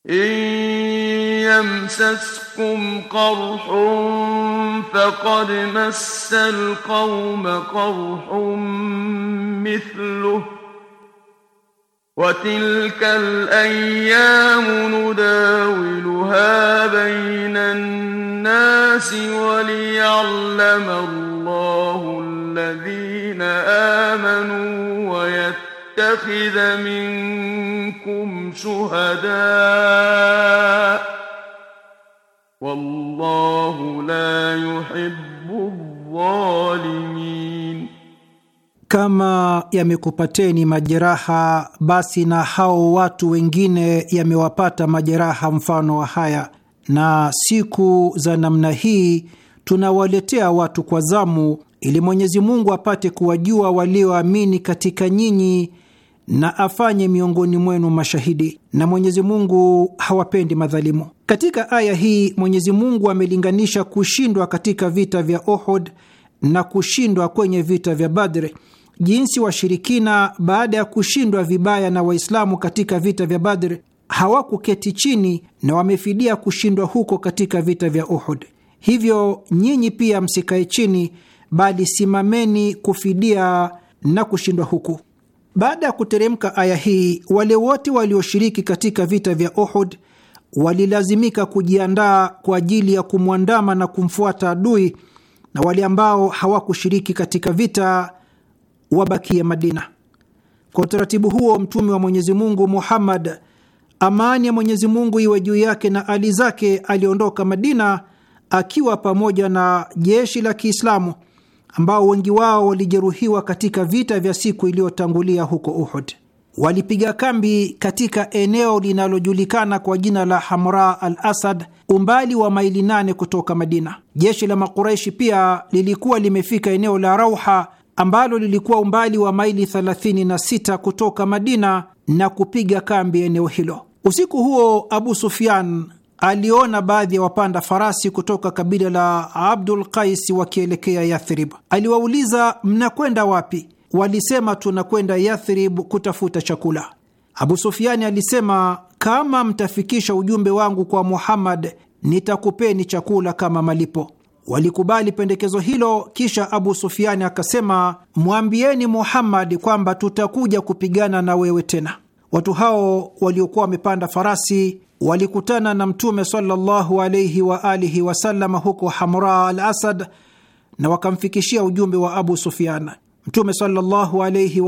yamsaskum qarhun faqad massal qawma qarhun mithluhu وتلك الأيام نداولها بين الناس وليعلم الله الذين آمنوا يتخذ منكم شهداء والله لا يحب الظالمين kama yamekupateni majeraha basi na hao watu wengine yamewapata majeraha mfano wa haya, na siku za namna hii tunawaletea watu kwa zamu, ili Mwenyezi Mungu apate kuwajua walioamini katika nyinyi na afanye miongoni mwenu mashahidi, na Mwenyezi Mungu hawapendi madhalimu. Katika aya hii Mwenyezi Mungu amelinganisha kushindwa katika vita vya Ohod na kushindwa kwenye vita vya badre jinsi washirikina baada ya kushindwa vibaya na Waislamu katika vita vya badr hawakuketi chini na wamefidia kushindwa huko katika vita vya Uhud. Hivyo nyinyi pia msikae chini, bali simameni kufidia na kushindwa huku. Baada ya kuteremka aya hii, wale wote walioshiriki katika vita vya Uhud walilazimika kujiandaa kwa ajili ya kumwandama na kumfuata adui, na wale ambao hawakushiriki katika vita wabakie Madina. Kwa utaratibu huo, mtume wa Mwenyezi Mungu Muhammad, amani ya Mwenyezi Mungu iwe juu yake na ali zake, aliondoka Madina akiwa pamoja na jeshi la Kiislamu ambao wengi wao walijeruhiwa katika vita vya siku iliyotangulia huko Uhud. Walipiga kambi katika eneo linalojulikana kwa jina la Hamra al Asad, umbali wa maili nane kutoka Madina. Jeshi la Makuraishi pia lilikuwa limefika eneo la Rauha ambalo lilikuwa umbali wa maili 36 kutoka Madina na kupiga kambi eneo hilo. Usiku huo Abu Sufyan aliona baadhi ya wapanda farasi kutoka kabila la Abdul Qais wakielekea Yathrib. Aliwauliza, mnakwenda wapi? Walisema, tunakwenda Yathrib kutafuta chakula. Abu Sufiani alisema, kama mtafikisha ujumbe wangu kwa Muhammad nitakupeni chakula kama malipo. Walikubali pendekezo hilo. Kisha Abu Sufiani akasema, mwambieni Muhammad kwamba tutakuja kupigana na wewe tena. Watu hao waliokuwa wamepanda farasi walikutana na Mtume sallallahu wa alihi huko Hamra al Asad na wakamfikishia ujumbe wa Abu Sufyan. Mtume sallallahu wa alihi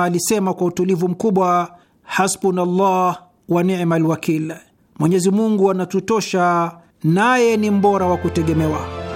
alisema kwa utulivu mkubwa, hasbunallah wa ni'mal wakil, Mwenyezi Mungu anatutosha naye ni mbora wa kutegemewa.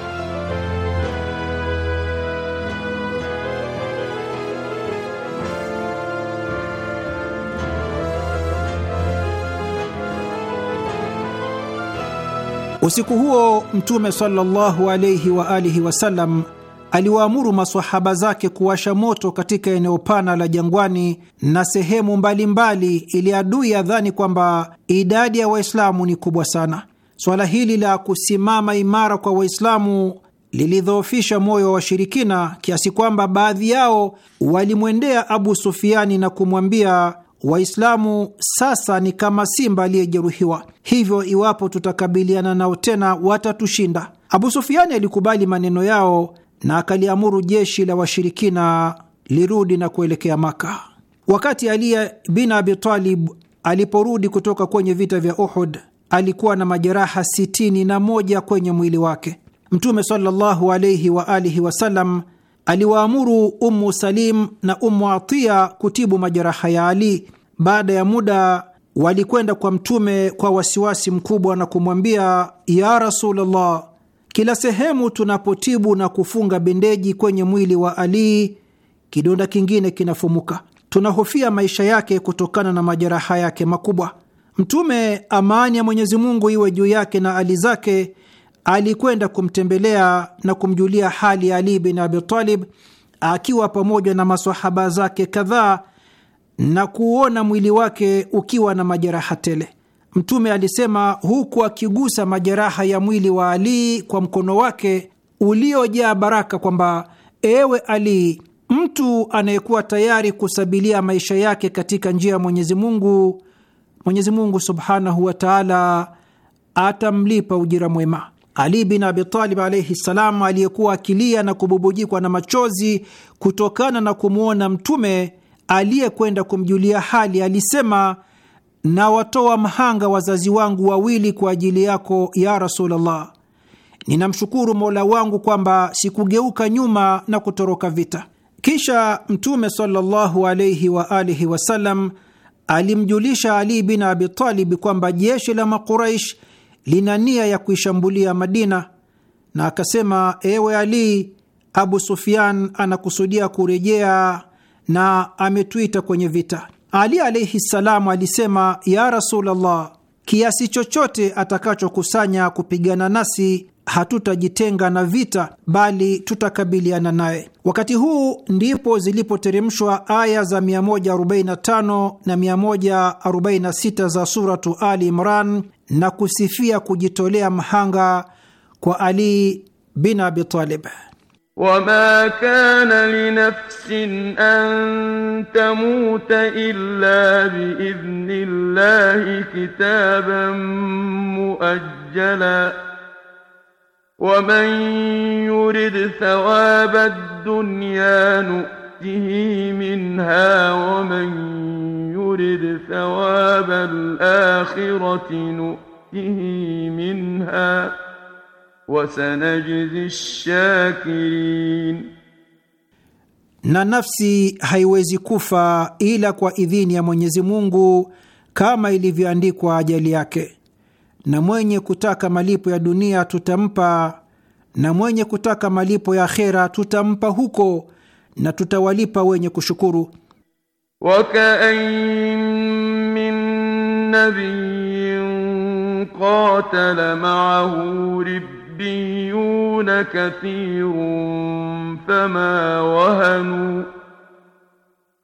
Usiku huo Mtume sallallahu alaihi wa alihi wasallam aliwaamuru masahaba zake kuwasha moto katika eneo pana la jangwani na sehemu mbalimbali, ili adui adhani kwamba idadi ya Waislamu ni kubwa sana. Swala hili la kusimama imara kwa Waislamu lilidhoofisha moyo wa washirikina kiasi kwamba baadhi yao walimwendea Abu Sufiani na kumwambia Waislamu sasa ni kama simba aliyejeruhiwa, hivyo iwapo tutakabiliana nao tena watatushinda. Abu Sufiani alikubali maneno yao na akaliamuru jeshi la washirikina lirudi na kuelekea Maka. Wakati Ali bin Abi Talib aliporudi kutoka kwenye vita vya Uhud, alikuwa na majeraha sitini na moja kwenye mwili wake. Mtume sallallahu alaihi wa alihi wasallam aliwaamuru Ummu Salim na Ummu Atiya kutibu majeraha ya Ali. Baada ya muda walikwenda kwa Mtume kwa wasiwasi mkubwa na kumwambia, ya Rasulullah, kila sehemu tunapotibu na kufunga bendeji kwenye mwili wa Ali kidonda kingine kinafumuka. Tunahofia maisha yake kutokana na majeraha yake makubwa. Mtume, amani ya Mwenyezi Mungu iwe juu yake na ali zake, alikwenda kumtembelea na kumjulia hali Ali bin Abi Talib akiwa pamoja na masahaba zake kadhaa na kuona mwili wake ukiwa na majeraha tele. Mtume alisema huku akigusa majeraha ya mwili wa Ali kwa mkono wake uliojaa baraka kwamba, ewe Ali, mtu anayekuwa tayari kusabilia maisha yake katika njia ya Mwenyezi Mungu, Mwenyezi Mungu subhanahu wa taala atamlipa ujira mwema. Ali bin Abitalib alaihi ssalam, aliyekuwa akilia na kububujikwa na machozi kutokana na kumwona Mtume aliyekwenda kumjulia hali, alisema nawatoa mhanga wazazi wangu wawili kwa ajili yako ya Rasulullah. Ninamshukuru Mola wangu kwamba sikugeuka nyuma na kutoroka vita. Kisha Mtume sallallahu alaihi wa alihi wasallam alimjulisha Ali bin abitalib kwamba jeshi la Makuraish lina nia ya kuishambulia Madina, na akasema: ewe Ali, Abu Sufyan anakusudia kurejea na ametuita kwenye vita. Ali alaihi ssalamu alisema: ya Rasulullah, kiasi chochote atakachokusanya kupigana nasi Hatutajitenga na vita bali tutakabiliana naye. Wakati huu ndipo zilipoteremshwa aya za 145 na 146 za Suratu Ali Imran na kusifia kujitolea mhanga kwa Ali bin Abi Talib. Wama kana linafsin an tamuta illa biidhnillahi kitaban muajjala ومن يرد ثواب الدنيا نؤته منها ومن يرد ثواب الآخرة نؤته منها وسنجزي الشاكرين na nafsi haiwezi kufa ila kwa idhini ya Mwenyezi Mungu kama ilivyoandikwa ajali yake na mwenye kutaka malipo ya dunia tutampa, na mwenye kutaka malipo ya akhera tutampa huko, na tutawalipa wenye kushukuru. wakain min nabiyyin qatala ma'ahu ribbiyun kathirun fama wahanu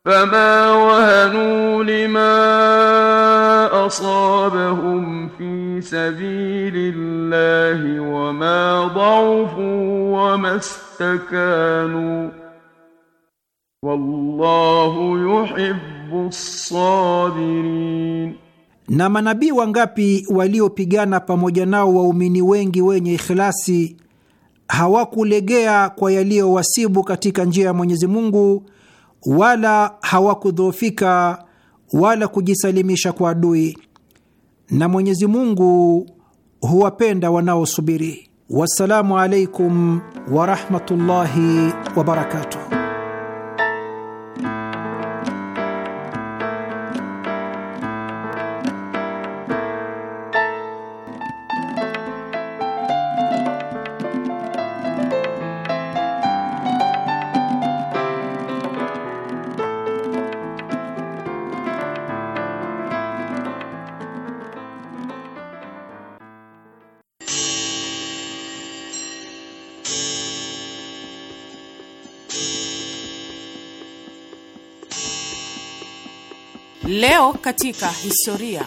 فما وهنوا لما أصابهم في سبيل الله وما ضعفوا وما استكانوا والله يحب الصابرين na manabii wangapi waliopigana pamoja nao waumini wengi wenye ikhlasi hawakulegea kwa yaliyowasibu katika njia ya Mwenyezi Mungu wala hawakudhoofika wala kujisalimisha kwa adui, na Mwenyezi Mungu huwapenda wanaosubiri. Wassalamu alaikum warahmatullahi wabarakatuh. katika historia.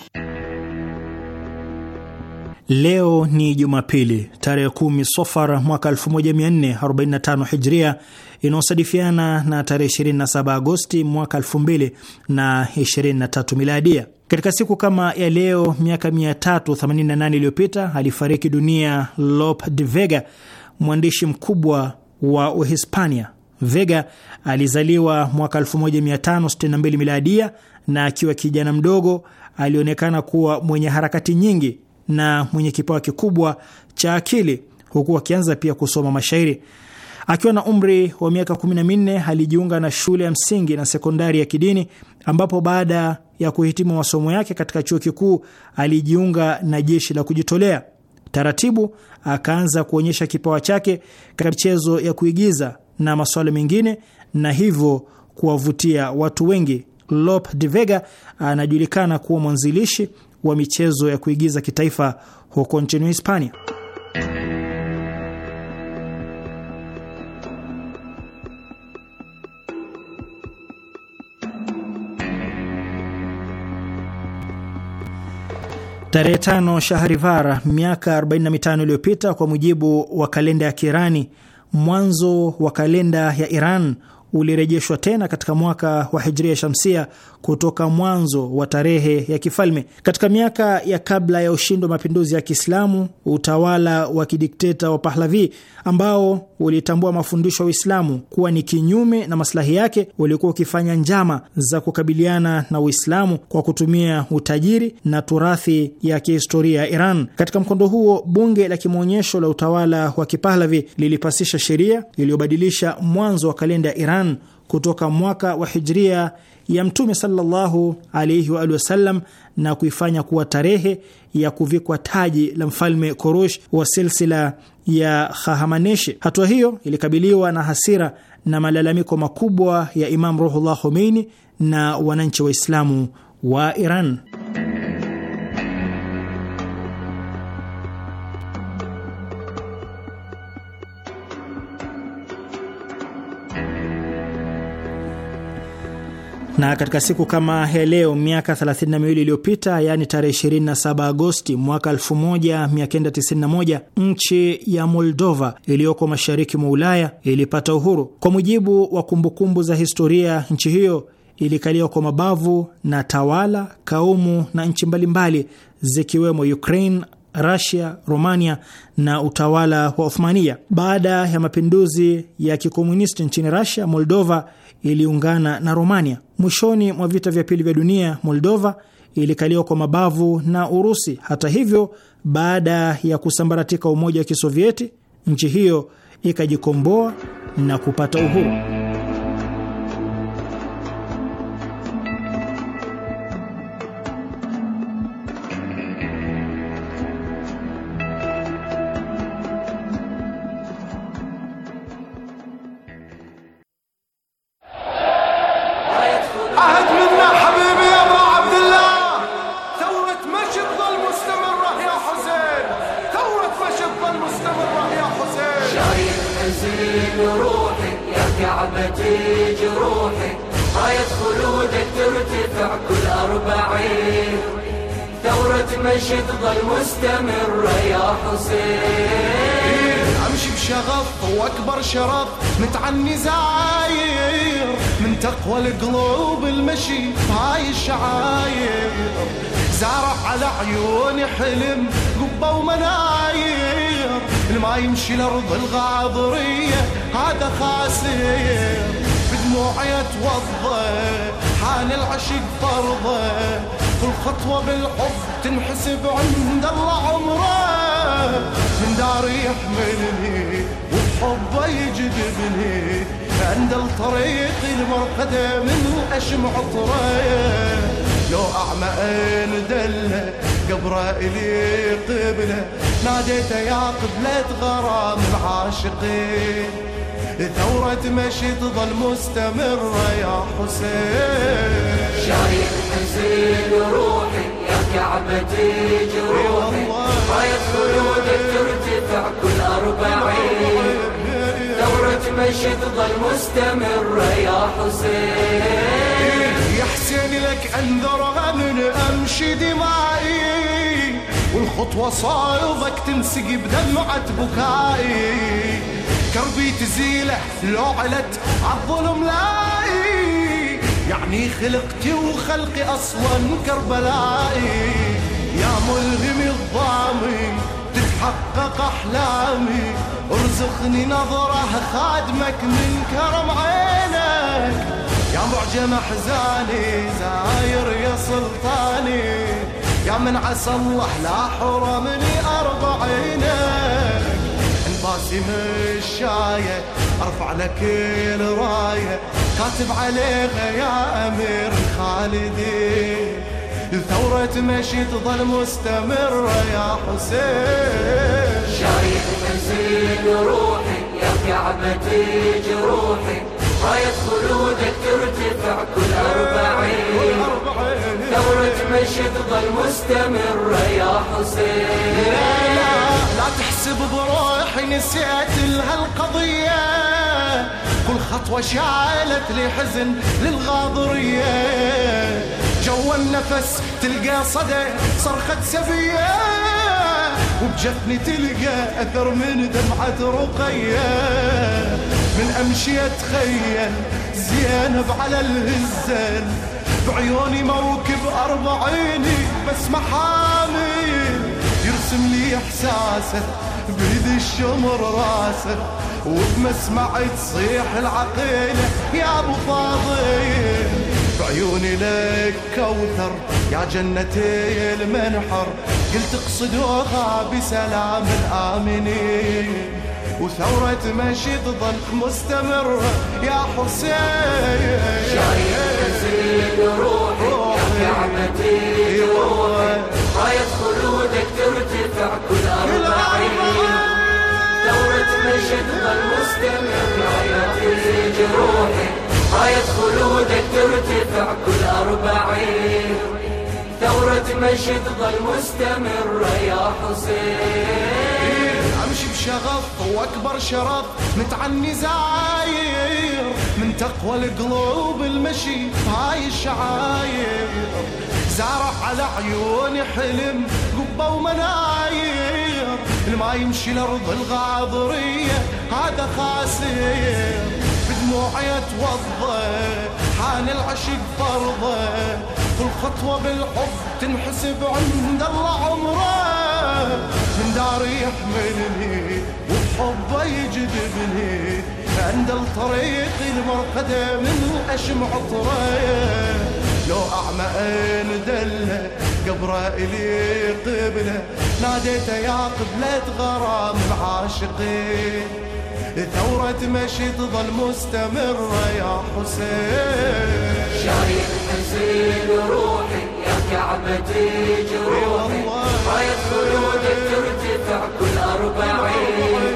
Leo ni Jumapili tarehe kumi Sofar mwaka 1445 Hijria, inayosadifiana na tarehe 27 Agosti mwaka 2023 Miladia. Katika siku kama ya leo miaka 388 iliyopita alifariki dunia Lope de Vega, mwandishi mkubwa wa Uhispania. Vega alizaliwa mwaka 1562 miladia na akiwa kijana mdogo alionekana kuwa mwenye harakati nyingi na mwenye kipawa kikubwa cha akili, huku akianza pia kusoma mashairi. Akiwa na umri wa miaka 14 alijiunga na shule ya msingi na sekondari ya kidini, ambapo baada ya kuhitimu masomo yake katika chuo kikuu alijiunga na jeshi la kujitolea. Taratibu akaanza kuonyesha kipawa chake katika michezo ya kuigiza na masuala mengine, na hivyo kuwavutia watu wengi Lop de Vega anajulikana kuwa mwanzilishi wa michezo ya kuigiza kitaifa huko nchini Hispania. Tarehe tano Shahrivar miaka 45 iliyopita, kwa mujibu wa kalenda ya Kirani, mwanzo wa kalenda ya Iran ulirejeshwa tena katika mwaka wa hijria shamsia kutoka mwanzo wa tarehe ya kifalme. Katika miaka ya kabla ya ushindi wa mapinduzi ya Kiislamu, utawala wa kidikteta wa Pahlavi ambao ulitambua mafundisho ya Uislamu kuwa ni kinyume na masilahi yake, ulikuwa ukifanya njama za kukabiliana na Uislamu kwa kutumia utajiri na turathi ya kihistoria ya Iran. Katika mkondo huo, bunge la kimaonyesho la utawala wa Kipahlavi lilipasisha sheria iliyobadilisha mwanzo wa kalenda ya Iran Iran kutoka mwaka wa hijria ya Mtume sallallahu alaihi alihi wasallam na kuifanya kuwa tarehe ya kuvikwa taji la mfalme Korosh wa silsila ya Khahamaneshi. Hatua hiyo ilikabiliwa na hasira na malalamiko makubwa ya Imam Ruhullah Khomeini na wananchi Waislamu wa Iran. Na katika siku kama ya leo miaka 32 iliyopita, yaani tarehe 27 Agosti mwaka 1991, nchi ya Moldova iliyoko mashariki mwa Ulaya ilipata uhuru. Kwa mujibu wa kumbukumbu za historia, nchi hiyo ilikaliwa kwa mabavu na tawala, kaumu na nchi mbalimbali zikiwemo Ukraine, Rasia, Romania na utawala wa Othmania. Baada ya mapinduzi ya kikomunisti nchini Rasia, Moldova iliungana na Romania. Mwishoni mwa vita vya pili vya dunia, Moldova ilikaliwa kwa mabavu na Urusi. Hata hivyo, baada ya kusambaratika umoja wa Kisovieti, nchi hiyo ikajikomboa na kupata uhuru. وحده من اشم عطره لو اعمى عين دله قبره الي قبله ناديته يا قبلة غرام العاشقين ثورة مشي تظل مستمرة يا حسين شايف حسين روحي يا كعبتي جروحي راية خلودك مش تظل مستمر يا حسين يا حسين لك انذرها من امشي دمائي والخطوة صايبك تنسقي بدمعة بكائي كربي تزيله لو علت عالظلم لاي يعني خلقتي وخلقي اصلا كربلائي يا ملهم الضامن تحقق أحلامي ارزقني نظرة خادمك من كرم عينك يا معجم أحزاني زاير يا سلطاني يا من عسى الله لا حرمني أرضى عينك انباسم الشاية أرفع لك الراية كاتب عليها يا أمير خالدي ثورة مشي تظل مستمرة يا حسين شايف تنزيل روحي يا كعبة عمتي جروحي راية خلودك ترتفع كل أربعين ثورة مشي تظل مستمرة يا حسين لا لا لا تحسب بروحي نسيت القضية كل خطوة شعلت لي حزن للغاضرية جوا النفس تلقى صدى صرخة سبية وبجفني تلقى أثر من دمعة رقية من أمشي أتخيل زينب على الهزان بعيوني موكب أربعيني بس محامي يرسم لي إحساسه بيد الشمر راسه وبمسمعي تصيح العقيلة يا أبو فاضل عيوني لك كوثر يا جنة المنحر قلت اقصدوها بسلام الآمنين وثورة مشي تظل مستمرة يا حسين شايف تزيد روحي يا عمتي روحي راية خلودك ترتفع كل أربعين ثورة مشي تظل مستمرة يا حسين روحي راية خلودك ترتفع كل أربعين ثورة مشي تظل مستمرة يا حسين أمشي بشغف وأكبر شرف متعني زاير من تقوى القلوب المشي هاي الشعاير زارع على عيوني حلم قبة ومناير الما يمشي الأرض الغاضرية هذا خاسر دموع يتوضى حان العشق فرضه كل خطوة بالحب تنحسب عند الله عمره من دار يحملني وبحبه يجذبني عند الطريق المرقدة من أشم عطره لو أعمى أين دله قبره إلي قبله ناديته يا قبلة غرام العاشقين ثورة مشي تظل مستمرة يا حسين شريك حسين روحي يا كعبة جروحي راية طيب خلود ترتفع كل أربعين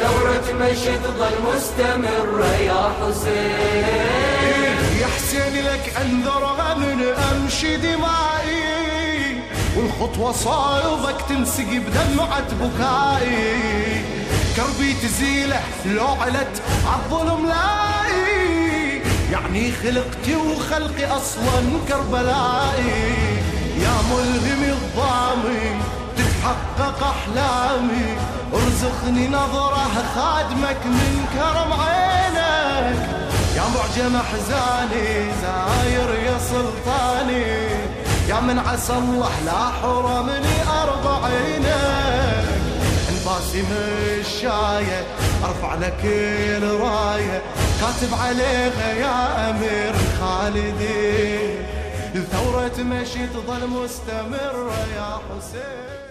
ثورة مشي تظل مستمرة يا حسين يا حسين لك أنذر غمن أمشي دمائي والخطوة صايبك تنسقي بدمعة بكائي كربي تزيله لو علت عالظلم لائي يعني خلقتي وخلقي اصلا كربلائي يا ملهم الضامي تتحقق احلامي ارزقني نظره خادمك من كرم عينك يا معجم احزاني زاير يا سلطاني يا من عسى الله لا حرمني اربعينك عينك راسي من ارفع لك الراية كاتب عليها يا امير خالدي ثورة تمشي تظل مستمرة يا حسين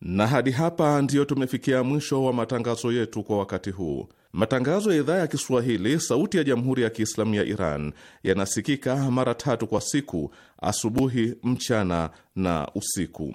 na hadi hapa ndiyo tumefikia mwisho wa matangazo yetu kwa wakati huu. Matangazo ya idhaa ya Kiswahili sauti ya jamhuri ya Kiislamu ya Iran yanasikika mara tatu kwa siku: asubuhi, mchana na usiku.